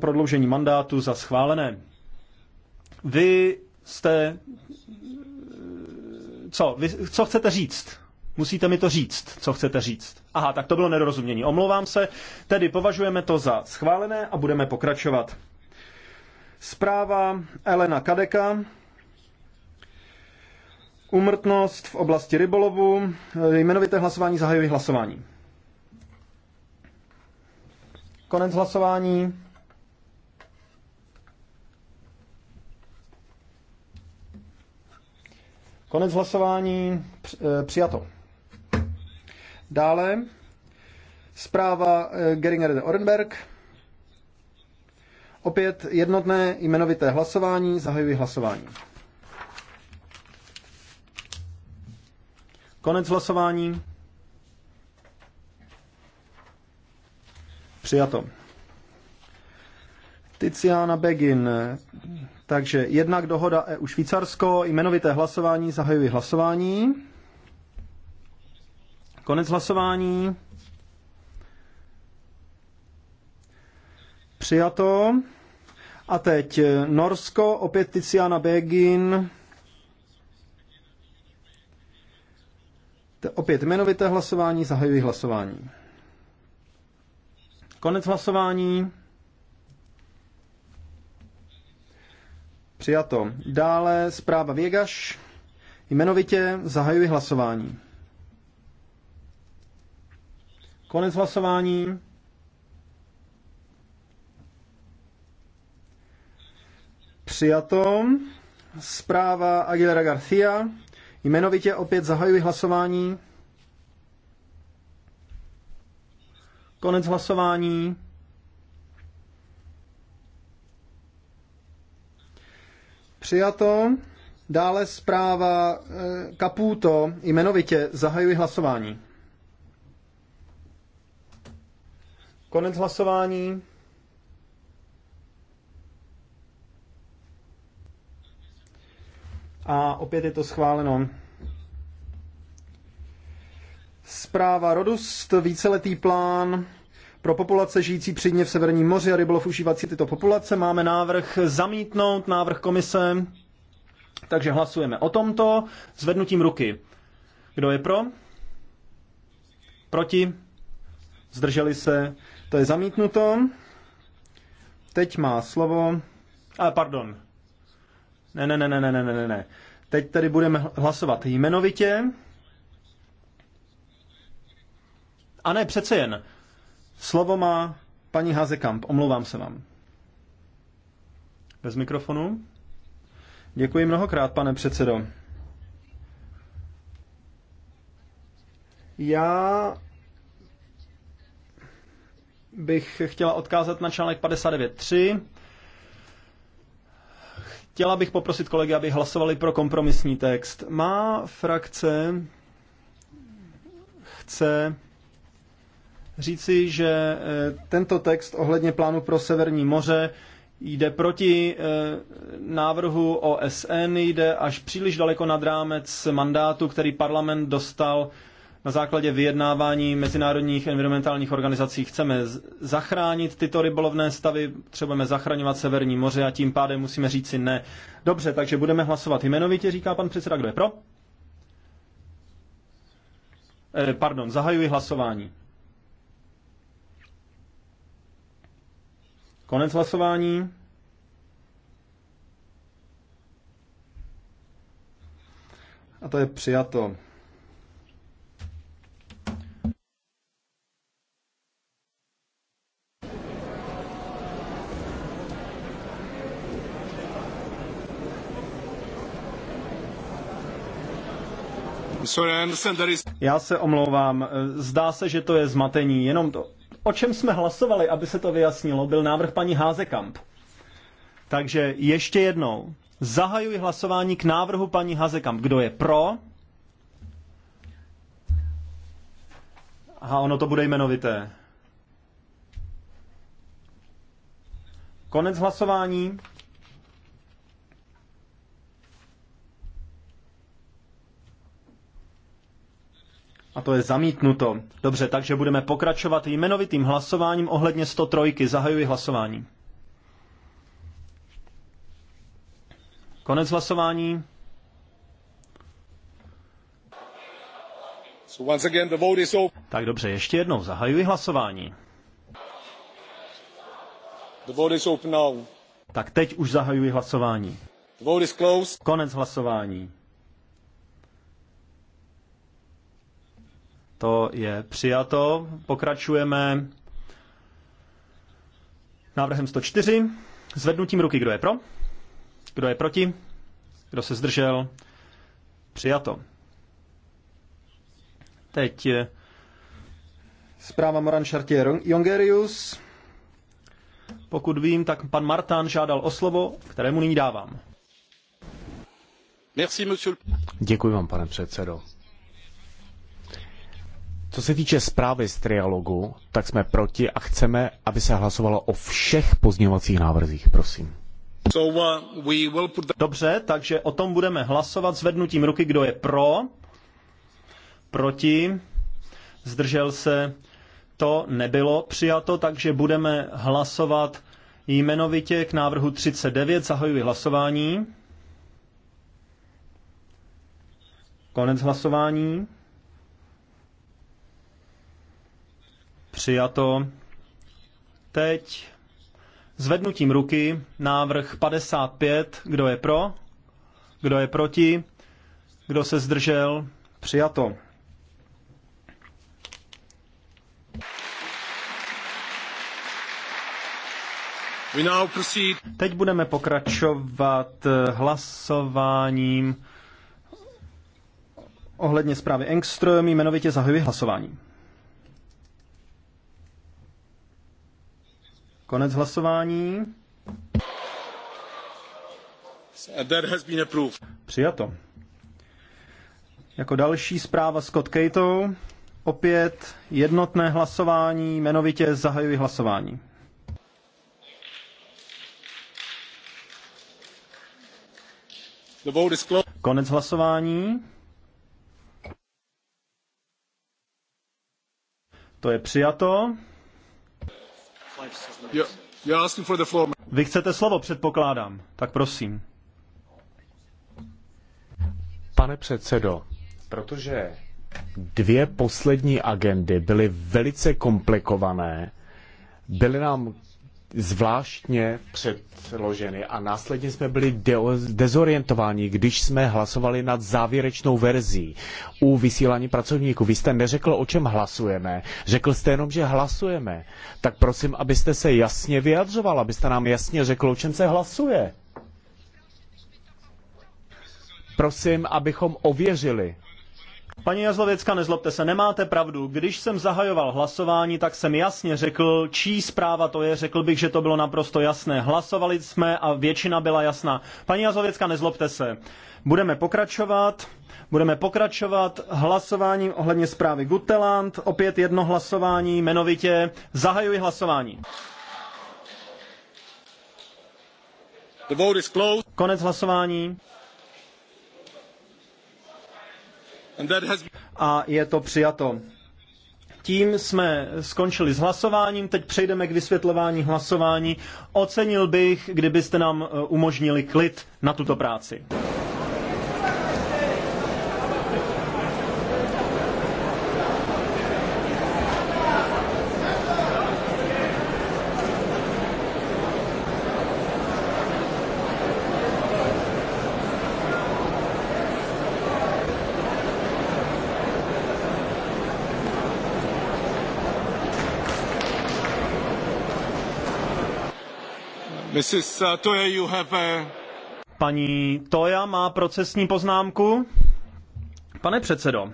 prodloužení mandátu za schválené. Vy jste... Co? Vy, co chcete říct? Musíte mi to říct, co chcete říct. Aha, tak to bylo nedorozumění. Omlouvám se, tedy považujeme to za schválené a budeme pokračovat. Zpráva Elena Kadeka. Umrtnost v oblasti rybolovu. Jmenovité hlasování zahajuji hlasování. Konec hlasování. Konec hlasování. Eh, přijato. Dále zpráva eh, Geringer de Orenberg. Opět jednotné jmenovité hlasování. Zahajuji hlasování. Konec hlasování. Přijato. Tiziana Begin. Takže jednak dohoda EU-Švýcarsko, jmenovité hlasování, zahajuji hlasování. Konec hlasování. Přijato. A teď Norsko, opět Tiziana Begin. Opět jmenovité hlasování, zahajuji hlasování. Konec hlasování. Přijato. Dále zpráva Věgaš. Jmenovitě zahajuji hlasování. Konec hlasování. Přijato. Zpráva Aguilera Garcia. Jmenovitě opět zahajuji hlasování. Konec hlasování. Přijato. Dále zpráva Kaputo, eh, jmenovitě zahajuji hlasování. Konec hlasování. A opět je to schváleno. Zpráva Rodust, víceletý plán pro populace žijící přídně v Severním moři a rybolov užívací tyto populace máme návrh zamítnout, návrh komise. Takže hlasujeme o tomto zvednutím ruky. Kdo je pro? Proti? Zdrželi se? To je zamítnuto. Teď má slovo... A pardon. Ne, ne, ne, ne, ne, ne, ne, ne. Teď tady budeme hlasovat jmenovitě. A ne, přece jen. Slovo má paní Hazekamp, omlouvám se vám. Bez mikrofonu. Děkuji mnohokrát, pane předsedo. Já bych chtěla odkázat na článek 59.3. Chtěla bych poprosit kolegy, aby hlasovali pro kompromisní text. Má frakce chce říci, že e, tento text ohledně plánu pro Severní moře jde proti e, návrhu OSN, jde až příliš daleko nad rámec mandátu, který parlament dostal na základě vyjednávání mezinárodních environmentálních organizací. Chceme zachránit tyto rybolovné stavy, třebujeme zachraňovat Severní moře a tím pádem musíme říci ne. Dobře, takže budeme hlasovat jmenovitě, říká pan předseda. Kdo je pro? E, pardon, zahajuji hlasování. Konec hlasování. A to je přijato. Já se omlouvám. Zdá se, že to je zmatení. Jenom to, o čem jsme hlasovali, aby se to vyjasnilo, byl návrh paní Házekamp. Takže ještě jednou. Zahajuji hlasování k návrhu paní Hazekamp. Kdo je pro? A ono to bude jmenovité. Konec hlasování. A to je zamítnuto. Dobře, takže budeme pokračovat jmenovitým hlasováním ohledně 103. Zahajuji hlasování. Konec hlasování. So once again the vote is open. Tak dobře, ještě jednou zahajuji hlasování. The vote is open now. Tak teď už zahajuji hlasování. The vote is closed. Konec hlasování. To je přijato. Pokračujeme návrhem 104. Zvednutím ruky, kdo je pro? Kdo je proti? Kdo se zdržel? Přijato. Teď zpráva Moran Chartier Jongerius. Pokud vím, tak pan Martán žádal o slovo, kterému nyní dávám. Děkuji vám, pane předsedo. Co se týče zprávy z trialogu, tak jsme proti a chceme, aby se hlasovalo o všech pozměňovacích návrzích, prosím. Uh, Dobře, takže o tom budeme hlasovat zvednutím ruky, kdo je pro, proti, zdržel se, to nebylo přijato, takže budeme hlasovat jmenovitě k návrhu 39. Zahajuji hlasování. Konec hlasování. Přijato. Teď zvednutím ruky návrh 55. Kdo je pro? Kdo je proti? Kdo se zdržel? Přijato. Teď budeme pokračovat eh, hlasováním ohledně zprávy Engström. Jmenovitě zahajuji hlasování. Konec hlasování. That has been approved. Přijato. Jako další zpráva Scott Cato. Opět jednotné hlasování, jmenovitě zahajuji hlasování. The vote is closed. Konec hlasování. To je přijato. Vy chcete slovo, předpokládám. Tak prosím. Pane předsedo, protože dvě poslední agendy byly velice komplikované, byly nám zvláštně předloženy a následně jsme byli dezorientováni, když jsme hlasovali nad závěrečnou verzí u vysílání pracovníků. Vy jste neřekl, o čem hlasujeme, řekl jste jenom, že hlasujeme. Tak prosím, abyste se jasně vyjadřoval, abyste nám jasně řekl, o čem se hlasuje. Prosím, abychom ověřili Paní Jazlověcka, nezlobte se, nemáte pravdu. Když jsem zahajoval hlasování, tak jsem jasně řekl, čí zpráva to je. Řekl bych, že to bylo naprosto jasné. Hlasovali jsme a většina byla jasná. Paní Jazlověcka, nezlobte se. Budeme pokračovat. Budeme pokračovat hlasováním ohledně zprávy Guteland. Opět jedno hlasování, jmenovitě. Zahajuji hlasování. The vote is closed. Konec hlasování. A je to přijato. Tím jsme skončili s hlasováním, teď přejdeme k vysvětlování hlasování. Ocenil bych, kdybyste nám e, umožnili klid na tuto práci. Mrs. Uh, Toya, you have a... Uh, Paní Toja má procesní poznámku. Pane předsedo.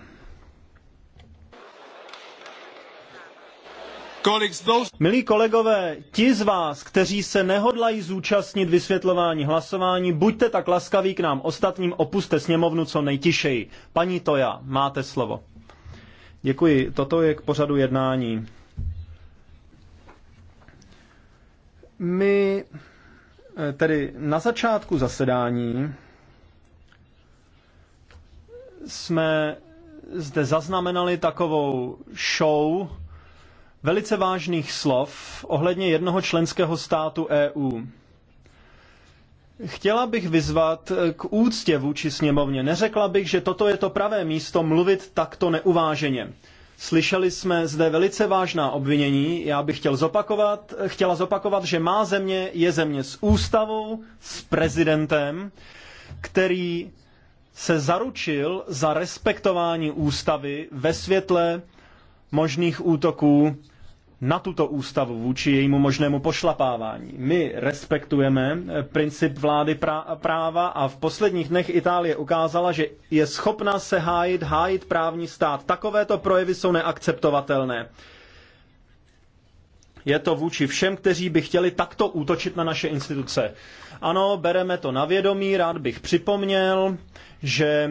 Milí kolegové, ti z vás, kteří se nehodlají zúčastnit vysvětlování hlasování, buďte tak laskaví k nám ostatním, opuste sněmovnu co nejtišeji. Paní Toja, máte slovo. Děkuji, toto je k pořadu jednání. My Eh, tedy na začátku zasedání jsme zde zaznamenali takovou show velice vážných slov ohledně jednoho členského státu EU. Chtěla bych vyzvat k úctě vůči sněmovně. Neřekla bych, že toto je to pravé místo mluvit takto neuváženě. Slyšeli jsme zde velice vážná obvinění. Já bych chtěl zopakovat, chtěla zopakovat, že má země je země s ústavou, s prezidentem, který se zaručil za respektování ústavy ve světle možných útoků na tuto ústavu vůči jejímu možnému pošlapávání. My respektujeme eh, princip vlády práva a v posledních dnech Itálie ukázala, že je schopna se hájit, hájit právní stát. Takovéto projevy jsou neakceptovatelné. Je to vůči všem, kteří by chtěli takto útočit na naše instituce. Ano, bereme to na vědomí, rád bych připomněl, že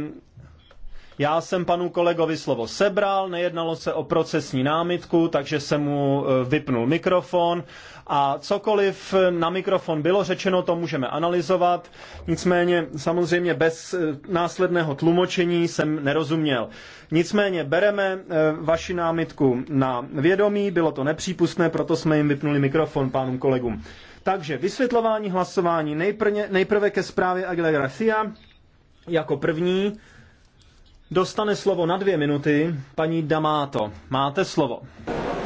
já jsem panu kolegovi slovo sebral, nejednalo se o procesní námitku, takže jsem mu e, vypnul mikrofon a cokoliv na mikrofon bylo řečeno, to můžeme analyzovat. Nicméně samozřejmě bez e, následného tlumočení jsem nerozuměl. Nicméně bereme e, vaši námitku na vědomí, bylo to nepřípustné, proto jsme jim vypnuli mikrofon pánům kolegům. Takže vysvětlování hlasování nejprve, nejprve ke zprávě Aguilera Garcia jako první dostane slovo na dvě minuty paní Damáto. Máte slovo.